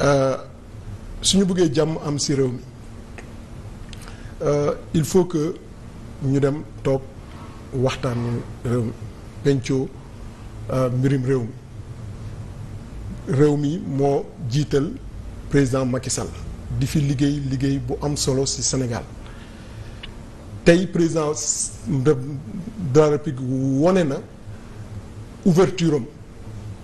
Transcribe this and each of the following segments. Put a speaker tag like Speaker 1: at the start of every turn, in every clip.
Speaker 1: Euh, suñu buggee jàmm am si réew mi euh, il faut que ñu dem toog waxtaan réew mi pencoo euh, mbirim réew mi réew mi moo jiital président makisal Sall di fi liggéey liggéey bu am solo si Sénégal tey président de la République wone na ouverture am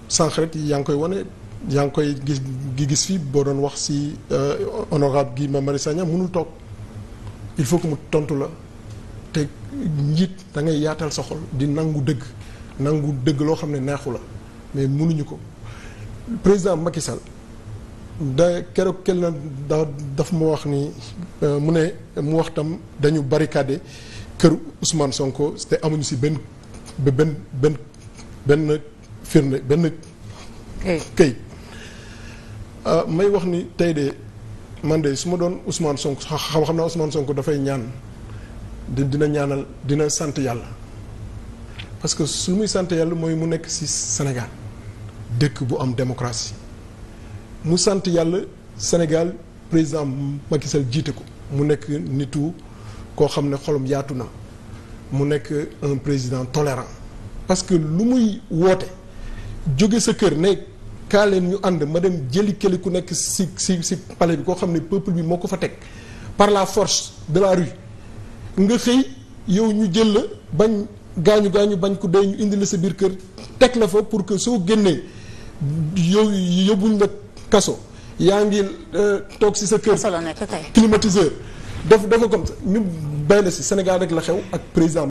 Speaker 1: sànq yaa ngi koy wone yaa ngi koy gis gi gis fii boo doon wax si euh, honorable Guy Marius Sagna mënul toog il faut que mu tontu la te njiit dangay yaatal sa xol di nangu dëgg nangu dëgg loo xam ne neexu la mais mënuñu ko président Macky Sall da keroog kenn ma wax ni euh, mu ne mu wax tam dañu barricade kër Ousmane Sonko te amuñu si benn benn benn benn firnde benn këy Ah, may wax ni tey de man de su ma doon Ousmane Sonko xam naa Ousmane Sonko dafay ñaan di dina ñaanal dina sant yàlla parce que su muy sant yàlla mooy mu nekk ci Sénégal dëkk bu am démocratie mu sant yàlla Sénégal président Macky Sall jiite ko mu nekk nitu koo xam ne xolom yaatu na mu nekk un président toléran parce que lu muy woote jóge sa kër ne kaa leen ñu ànd ma dem jëli këli ku nekk si si si palais bi koo xam ne peuple bi moo ko fa teg par la force de la rue nga xëy yow ñu jël la bañ gaañu gaañu bañ ko dee ñu indi la sa biir kër teg la fa pour que soo génnee yow yóbbuñ la kaso yaa ngi euh, toog si sa kër climatiseur daf dafa comme ça ñu bay si Sénégal rek la xew ak président